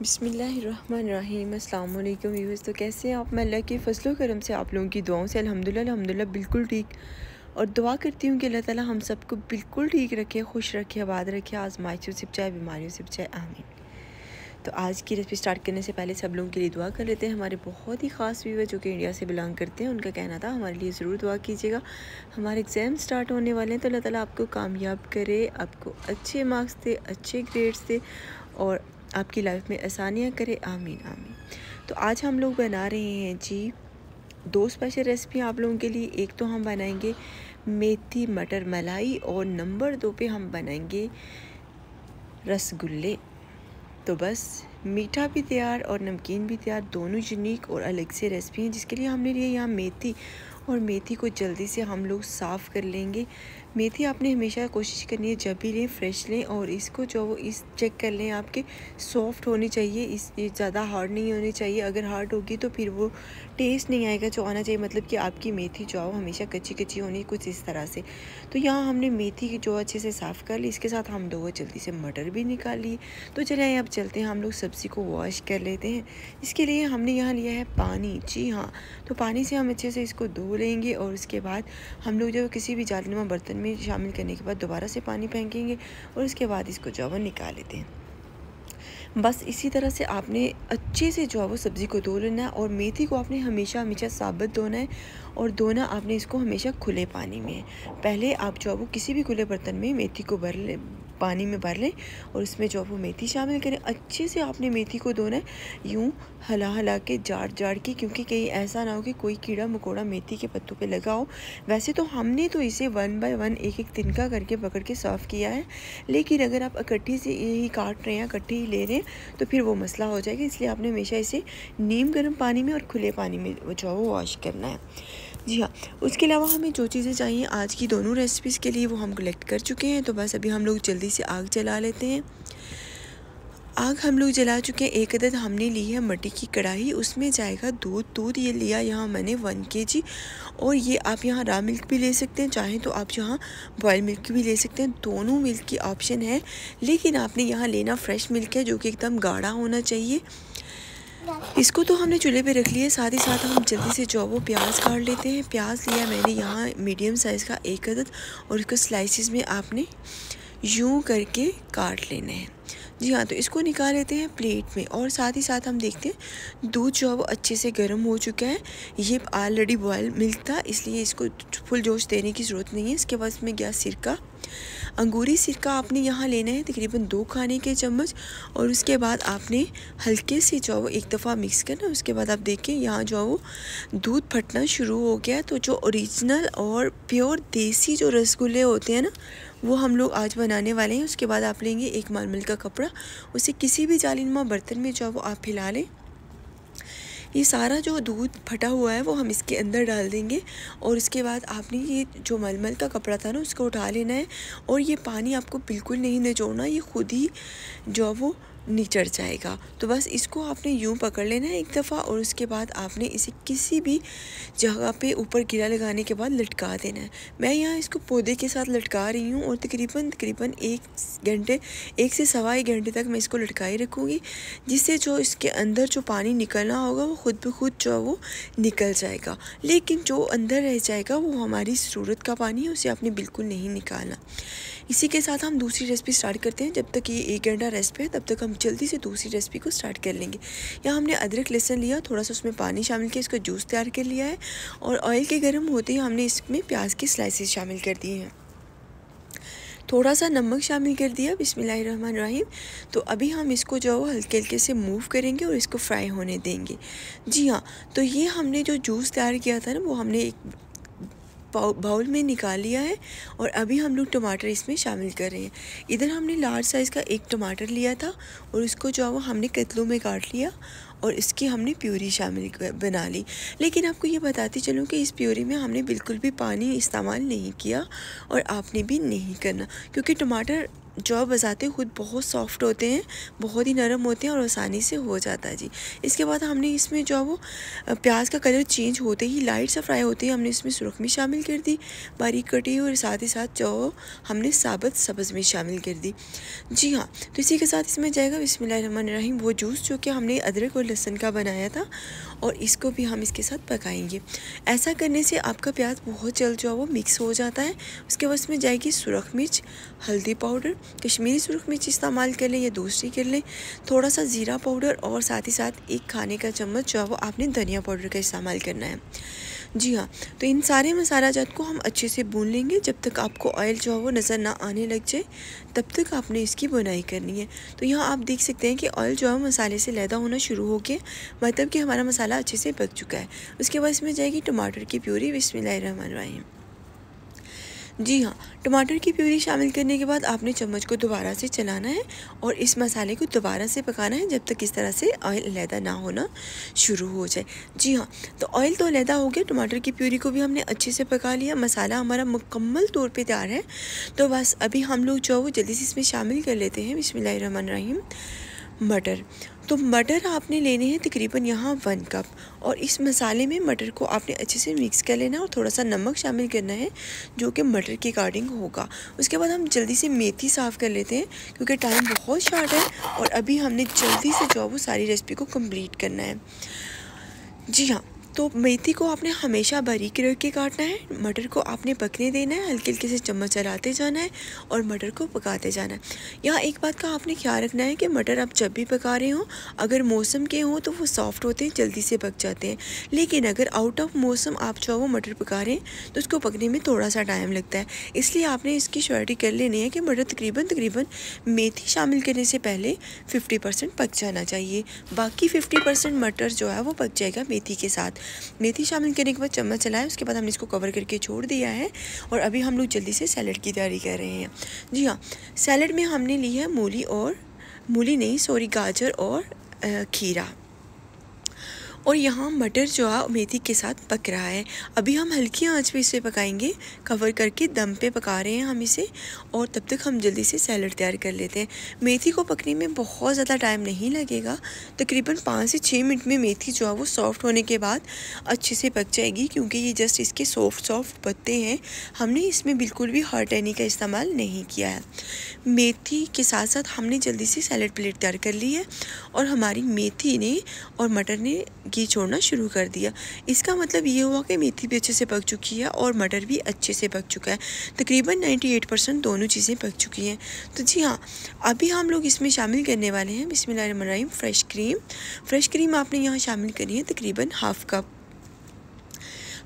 बिसमीम अल्लाम व्यूज़ तो कैसे हैं आप मैं अल्लाह के फसलों करम से आप लोगों की दुआओं से अलहमदिल्ला अलहमदिल्ला बिल्कुल ठीक और दुआ करती हूँ कि अल्लाह ताला हम सबको बिल्कुल ठीक रखे खुश रखे आबाद रखे आजमाइशों से बचाए बीमारियों से बचाए आमीन तो आज की रेसिपी स्टार्ट करने से पहले सब लोगों के लिए दुआ कर लेते हैं हमारे बहुत ही ख़ास व्यूवर जो कि इंडिया से बिलोंग करते हैं उनका कहना था हमारे लिए ज़रूर दुआ कीजिएगा हमारे एग्ज़ाम स्टार्ट होने वाले हैं तो अल्लाह ताला आपको कामयाब करे आपको अच्छे मार्क्स दे अच्छे ग्रेड्स दे और आपकी लाइफ में आसानियाँ करे आमीन आमीन तो आज हम लोग बना रहे हैं जी दो स्पेशल रेसिपी आप लोगों के लिए एक तो हम बनाएंगे मेथी मटर मलाई और नंबर दो पे हम बनाएंगे रसगुल्ले तो बस मीठा भी तैयार और नमकीन भी तैयार दोनों यूनिक और अलग से रेसिपी हैं जिसके लिए हमने लिए यहाँ मेथी और मेथी को जल्दी से हम लोग साफ़ कर लेंगे मेथी आपने हमेशा कोशिश करनी है जब भी लें फ्रेश लें और इसको जो वो इस चेक कर लें आपके सॉफ्ट होनी चाहिए इस ज़्यादा हार्ड नहीं होनी चाहिए अगर हार्ड होगी तो फिर वो टेस्ट नहीं आएगा जो आना चाहिए मतलब कि आपकी मेथी जो है हमेशा कच्ची कच्ची होनी कुछ इस तरह से तो यहाँ हमने मेथी जो अच्छे से साफ़ कर ली इसके साथ हम दो जल्दी से मटर भी निकाल लिए तो चले अब चलते हैं हम लोग सब्ज़ी को वॉश कर लेते हैं इसके लिए हमने यहाँ लिया है पानी जी हाँ तो पानी से हम अच्छे से इसको धो लेंगे और उसके बाद हम लोग जो किसी भी जालनुमा बर्तन में शामिल करने के बाद दोबारा से पानी फेंकेंगे और इसके बाद इसको जो है वो निकाल लेते हैं बस इसी तरह से आपने अच्छे से जो है वो सब्ज़ी को धो लेना है और मेथी को आपने हमेशा हमेशा साबित धोना है और धोना आपने इसको हमेशा खुले पानी में पहले आप जो है वो किसी भी खुले बर्तन में मेथी को भर ले पानी में भर लें और इसमें जो आप वो मेथी शामिल करें अच्छे से आपने मेथी को धोना है यूँ हला हला के जाड़ जाड़ के क्योंकि कहीं ऐसा ना हो कि कोई कीड़ा मकोड़ा मेथी के पत्तों पे लगा हो वैसे तो हमने तो इसे वन बाय वन एक एक तिनका करके पकड़ के साफ़ किया है लेकिन अगर आप इकट्ठी से यही काट रहे हैं इकट्ठी ही ले रहे हैं तो फिर वो मसला हो जाएगा इसलिए आपने हमेशा इसे नीम गर्म पानी में और खुले पानी में जो वो वॉश करना है जी हाँ उसके अलावा हमें जो चीज़ें चाहिए आज की दोनों रेसिपीज़ के लिए वो हम कलेक्ट कर चुके हैं तो बस अभी हम लोग जल्दी से आग जला लेते हैं आग हम लोग जला चुके हैं एक अदद हमने ली है मट्टी की कढ़ाई उसमें जाएगा दूध दूध ये लिया यहाँ मैंने वन के जी और ये आप यहाँ रा मिल्क भी ले सकते हैं चाहें तो आप यहाँ बॉयल मिल्क भी ले सकते हैं दोनों मिल्क की ऑप्शन है लेकिन आपने यहाँ लेना फ्रेश मिल्क है जो कि एकदम गाढ़ा होना चाहिए इसको तो हमने चूल्हे पे रख लिया साथ ही साथ हम जल्दी से जो वो प्याज काट लेते हैं प्याज लिया मैंने यहाँ मीडियम साइज़ का एक अदद और इसको स्लाइसिस में आपने यूँ करके काट लेना है जी हाँ तो इसको निकाल लेते हैं प्लेट में और साथ ही साथ हम देखते हैं दूध जो है वो अच्छे से गर्म हो चुका है ये ऑलरेडी बॉयल मिल्क था इसलिए इसको फुल जोश देने की ज़रूरत नहीं है इसके बाद इसमें गया सिरका अंगूरी सिरका आपने यहाँ लेना है तकरीबन दो खाने के चम्मच और उसके बाद आपने हल्के से जो वो एक दफ़ा मिक्स करना उसके बाद आप देखें यहाँ जो है वो दूध फटना शुरू हो गया तो जो ओरिजिनल और प्योर देसी जो रसगुल्ले होते हैं ना वो हम लोग आज बनाने वाले हैं उसके बाद आप लेंगे एक मालमल का कपड़ा उसे किसी भी जालिनमा बर्तन में जो वो आप फैला लें ये सारा जो दूध फटा हुआ है वो हम इसके अंदर डाल देंगे और इसके बाद आपने ये जो मलमल का कपड़ा था ना उसको उठा लेना है और ये पानी आपको बिल्कुल नहीं निचोड़ना ये खुद ही जो वो निचड़ जाएगा तो बस इसको आपने यूँ पकड़ लेना है एक दफ़ा और उसके बाद आपने इसे किसी भी जगह पे ऊपर गिरा लगाने के बाद लटका देना है मैं यहाँ इसको पौधे के साथ लटका रही हूँ और तकरीबन तकरीबन एक घंटे एक से सवा एक घंटे तक मैं इसको लटकाई रखूँगी जिससे जो इसके अंदर जो पानी निकलना होगा वो ख़ुद ब खुद जो है वो निकल जाएगा लेकिन जो अंदर रह जाएगा वो हमारी ज़रूरत का पानी है उसे आपने बिल्कुल नहीं निकालना इसी के साथ हम दूसरी रेसिपी स्टार्ट करते हैं जब तक ये एक घंटा रेसिपी है तब तक हम जल्दी से दूसरी रेसिपी को स्टार्ट कर लेंगे यहाँ हमने अदरक लहसन लिया थोड़ा सा उसमें पानी शामिल किया इसका जूस तैयार कर लिया है और ऑयल के गर्म होते ही हमने इसमें प्याज के स्लाइसिस शामिल कर दिए हैं थोड़ा सा नमक शामिल कर दिया बिसमीम तो अभी हम इसको जो है हल्के हल्के से मूव करेंगे और इसको फ्राई होने देंगे जी हाँ तो ये हमने जो जूस तैयार किया था ना वो हमने एक बाउल में निकाल लिया है और अभी हम लोग टमाटर इसमें शामिल कर रहे हैं इधर हमने लार्ज साइज़ का एक टमाटर लिया था और उसको जो है वो हमने कतलों में काट लिया और इसकी हमने प्यूरी शामिल बना ली लेकिन आपको ये बताती चलूँ कि इस प्यूरी में हमने बिल्कुल भी पानी इस्तेमाल नहीं किया और आपने भी नहीं करना क्योंकि टमाटर जो बजाते खुद बहुत सॉफ्ट होते हैं बहुत ही नरम होते हैं और आसानी से हो जाता है जी इसके बाद हमने इसमें जो वो प्याज का कलर चेंज होते ही लाइट सा फ्राई होते ही हमने इसमें सुरख में शामिल कर दी बारीक कटी और साथ ही साथ जो हमने साबत सब्ज़ में शामिल कर दी जी हाँ तो इसी के साथ इसमें जाएगा बिसमीम वो जूस जो कि हमने अदरक और लहसुन का बनाया था और इसको भी हम इसके साथ पकाएंगे ऐसा करने से आपका प्याज बहुत जल्द जो है वो मिक्स हो जाता है उसके बाद इसमें जाएगी सुरख मिर्च हल्दी पाउडर कश्मीरी सुरख मिर्च इस्तेमाल कर लें या दूसरी कर लें थोड़ा सा ज़ीरा पाउडर और साथ ही साथ एक खाने का चम्मच जो है वो आपने धनिया पाउडर का इस्तेमाल करना है जी हाँ तो इन सारे मसाला जात को हम अच्छे से भून लेंगे जब तक आपको ऑयल जो है वो नज़र ना आने लग जाए तब तक आपने इसकी बुनाई करनी है तो यहाँ आप देख सकते हैं कि ऑयल जो है मसाले से लैदा होना शुरू हो गया मतलब कि हमारा मसाला अच्छे से पक चुका है उसके बाद इसमें जाएगी टमाटर की प्यूरी बिसमिल्लर जी हाँ टमाटर की प्यूरी शामिल करने के बाद आपने चम्मच को दोबारा से चलाना है और इस मसाले को दोबारा से पकाना है जब तक इस तरह से ऑयल लहदा ना होना शुरू हो जाए जी हाँ तो ऑयल तो लहदा हो गया टमाटर की प्यूरी को भी हमने अच्छे से पका लिया मसाला हमारा मुकम्मल तौर पर तैयार है तो बस अभी हम लोग जो है वो जल्दी से इसमें शामिल कर लेते हैं बिसमिल्लर रहीम मटर तो मटर आपने लेने हैं तकरीबन यहाँ वन कप और इस मसाले में मटर को आपने अच्छे से मिक्स कर लेना है और थोड़ा सा नमक शामिल करना है जो कि मटर के अकॉर्डिंग होगा उसके बाद हम जल्दी से मेथी साफ़ कर लेते हैं क्योंकि टाइम बहुत शॉर्ट है और अभी हमने जल्दी से जो है वो सारी रेसिपी को कम्प्लीट करना है जी हाँ तो मेथी को आपने हमेशा बारीक रख के काटना है मटर को आपने पकने देना है हल्के हल्के से चम्मच चलाते जाना है और मटर को पकाते जाना है यहाँ एक बात का आपने ख्याल रखना है कि मटर आप जब भी पका रहे हो अगर मौसम के हों तो वो सॉफ्ट होते हैं जल्दी से पक जाते हैं लेकिन अगर आउट ऑफ मौसम आप जो वो मटर पका रहे हैं तो उसको पकने में थोड़ा सा टाइम लगता है इसलिए आपने इसकी श्योरिटी कर लेनी है कि मटर तकरीबन तकरीबन मेथी शामिल करने से पहले फिफ्टी पक जाना चाहिए बाकी फिफ्टी मटर जो है वो पक जाएगा मेथी के साथ मेथी शामिल करने के बाद चम्मच चलाएं उसके बाद हमने इसको कवर करके छोड़ दिया है और अभी हम लोग जल्दी से सैलड की तैयारी कर रहे हैं जी हाँ सैलड में हमने ली है मूली और मूली नहीं सॉरी गाजर और खीरा और यहाँ मटर जो है मेथी के साथ पक रहा है अभी हम हल्की आंच पे इसे पकाएंगे कवर करके दम पे पका रहे हैं हम इसे और तब तक हम जल्दी से सैलड तैयार कर लेते हैं मेथी को पकने में बहुत ज़्यादा टाइम नहीं लगेगा तकरीबन पाँच से छः मिनट में मेथी जो है वो सॉफ्ट होने के बाद अच्छे से पक जाएगी क्योंकि ये जस्ट इसके सॉफ्ट सॉफ्ट पत्ते हैं हमने इसमें बिल्कुल भी हॉट एनी का इस्तेमाल नहीं किया है मेथी के साथ साथ हमने जल्दी से सैलड प्लेट तैयार कर ली है और हमारी मेथी ने और मटर ने की छोड़ना शुरू कर दिया इसका मतलब ये हुआ कि मेथी भी अच्छे से पक चुकी है और मटर भी अच्छे से पक चुका है तकरीबन 98 परसेंट दोनों चीज़ें पक चुकी हैं तो जी हाँ अभी हम लोग इसमें शामिल करने वाले हैं बिसमीम फ़्रेश क्रीम फ़्रेश क्रीम आपने यहाँ शामिल करी है तकरीबन half cup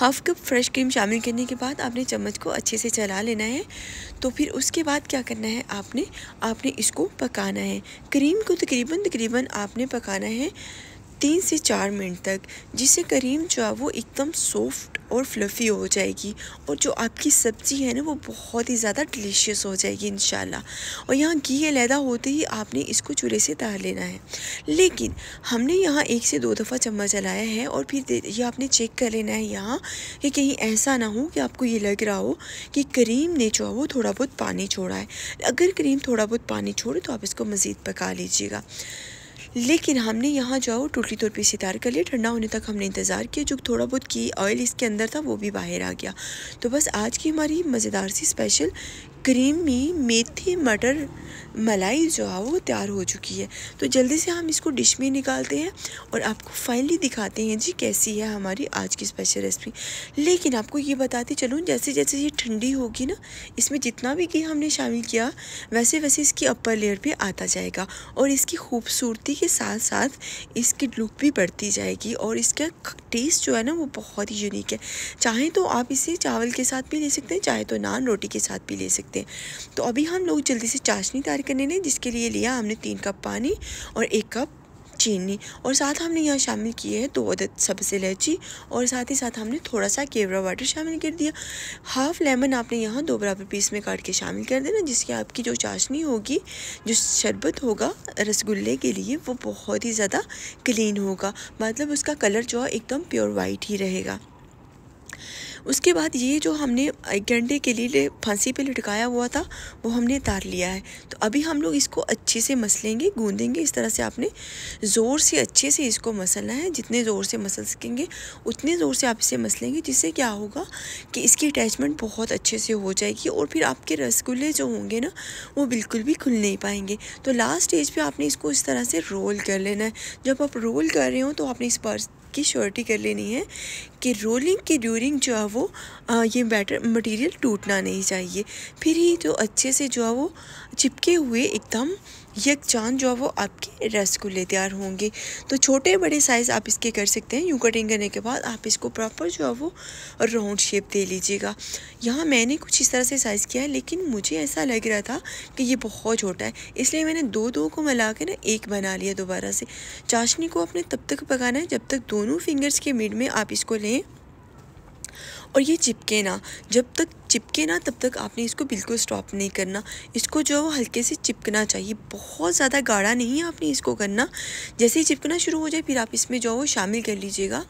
half cup fresh cream शामिल करने के बाद आपने चम्मच को अच्छे से चला लेना है तो फिर उसके बाद क्या करना है आपने आपने इसको पकाना है क्रीम को तकरीबन तकरीबन आपने पकाना है तीन से चार मिनट तक जिससे करीम जो है वो एकदम सॉफ्ट और फ्लफ़ी हो जाएगी और जो आपकी सब्ज़ी है ना वो बहुत ही ज़्यादा डिलीशियस हो जाएगी इन और यहाँ घी अलहदा होते ही आपने इसको चूल्हे से तार लेना है लेकिन हमने यहाँ एक से दो दफ़ा चम्मच चलाया है और फिर ये आपने चेक कर लेना है यहाँ कि कहीं ऐसा ना हो कि आपको ये लग रहा हो कि करीम ने जो है वो थोड़ा बहुत पानी छोड़ा है अगर करीम थोड़ा बहुत पानी छोड़े तो आप इसको मज़ीद पका लीजिएगा लेकिन हमने यहाँ जाओ टूटी तौर पे सितार कर लिया ठंडा होने तक हमने इंतज़ार किया जो थोड़ा बहुत की ऑयल इसके अंदर था वो भी बाहर आ गया तो बस आज की हमारी मज़ेदार सी स्पेशल क्रीमी मेथी मटर मलाई जो है वो तैयार हो चुकी है तो जल्दी से हम इसको डिश में निकालते हैं और आपको फाइनली दिखाते हैं जी कैसी है हमारी आज की स्पेशल रेसिपी लेकिन आपको ये बताते चलूँ जैसे जैसे ये ठंडी होगी ना इसमें जितना भी घी हमने शामिल किया वैसे वैसे इसकी अपर लेयर पे आता जाएगा और इसकी खूबसूरती के साथ साथ इसकी लुक भी बढ़ती जाएगी और इसका टेस्ट जो है ना वो बहुत ही यूनिक है चाहे तो आप इसे चावल के साथ भी ले सकते हैं चाहे तो नान रोटी के साथ भी ले सकते हैं सकते तो अभी हम लोग जल्दी से चाशनी तैयार करने लें जिसके लिए लिया हमने तीन कप पानी और एक कप चीनी और साथ हमने यहाँ शामिल किए हैं दो अदद सबसे इलायची और साथ ही साथ हमने थोड़ा सा केवरा वाटर शामिल कर दिया हाफ़ लेमन आपने यहाँ दो बराबर पीस में काट के शामिल कर देना जिसकी आपकी जो चाशनी होगी जो शरबत होगा रसगुल्ले के लिए वो बहुत ही ज़्यादा क्लीन होगा मतलब उसका कलर जो है एकदम प्योर वाइट ही रहेगा उसके बाद ये जो हमने एक घंटे के लिए फांसी पे लटकाया हुआ था वो हमने उतार लिया है तो अभी हम लोग इसको अच्छे से मसलेंगे गूंदेंगे इस तरह से आपने ज़ोर से अच्छे से इसको मसलना है जितने ज़ोर से मसल सकेंगे उतने ज़ोर से आप इसे मसलेंगे जिससे क्या होगा कि इसकी अटैचमेंट बहुत अच्छे से हो जाएगी और फिर आपके रसगुल्ले जो होंगे ना वो बिल्कुल भी खुल नहीं पाएंगे तो लास्ट स्टेज पर आपने इसको इस तरह से रोल कर लेना है जब आप रोल कर रहे हो तो आपने इस पर्स की श्योरिटी कर लेनी है कि रोलिंग के ड्यूरिंग जो है वो आ, ये बैटर मटेरियल टूटना नहीं चाहिए फिर ही तो अच्छे से जो है वो चिपके हुए एकदम यकजान जो है वो आपके रस को ले तैयार होंगे तो छोटे बड़े साइज़ आप इसके कर सकते हैं यूँ कटिंग करने के बाद आप इसको प्रॉपर जो है वो राउंड शेप दे लीजिएगा यहाँ मैंने कुछ इस तरह से साइज़ किया है लेकिन मुझे ऐसा लग रहा था कि ये बहुत छोटा है इसलिए मैंने दो दो को मिला के ना एक बना लिया दोबारा से चाशनी को आपने तब तक पकाना है जब तक दोनों फिंगर्स के मिड में आप इसको लें और ये चिपके ना जब तक चिपके ना तब तक आपने इसको बिल्कुल स्टॉप नहीं करना इसको जो है हल्के से चिपकना चाहिए बहुत ज़्यादा गाढ़ा नहीं है आपने इसको करना जैसे ही चिपकना शुरू हो जाए फिर आप इसमें जो है वो शामिल कर लीजिएगा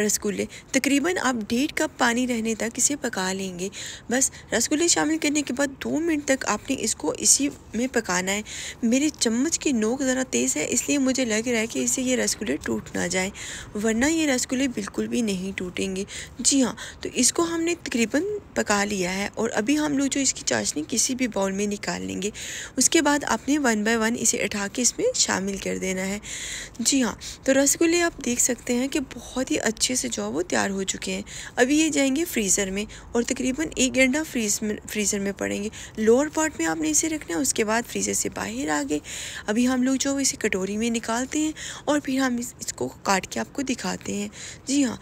रसगुल्ले तकरीबन आप डेढ़ कप पानी रहने तक इसे पका लेंगे बस रसगुल्ले शामिल करने के बाद दो मिनट तक आपने इसको इसी में पकाना है मेरे चम्मच की नोक ज़रा तेज़ है इसलिए मुझे लग रहा है कि इसे ये रसगुल्ले टूट ना जाए वरना ये रसगुल्ले बिल्कुल भी नहीं टूटेंगे जी हाँ तो इसको हमने तकरीबन पका लिया लिया है और अभी हम लोग जो इसकी चाशनी किसी भी बाउल में निकाल लेंगे उसके बाद आपने वन बाय वन इसे उठा के इसमें शामिल कर देना है जी हाँ तो रसगुल्ले आप देख सकते हैं कि बहुत ही अच्छे से जो है वो तैयार हो चुके हैं अभी ये जाएंगे फ्रीज़र में और तकरीबन एक घंटा फ्रीज में फ्रीज़र में पड़ेंगे लोअर पार्ट में आपने इसे रखना है उसके बाद फ्रीज़र से बाहर आ गए अभी हम लोग जो इसे कटोरी में निकालते हैं और फिर हम इसको काट के आपको दिखाते हैं जी हाँ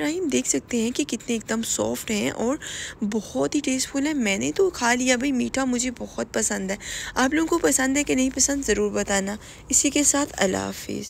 रहीम देख सकते हैं कि कितने एकदम सॉफ्ट हैं और बहुत ही टेस्टफुल है मैंने तो खा लिया भाई मीठा मुझे बहुत पसंद है आप लोगों को पसंद है कि नहीं पसंद ज़रूर बताना इसी के साथ अल्लाह हाफिज़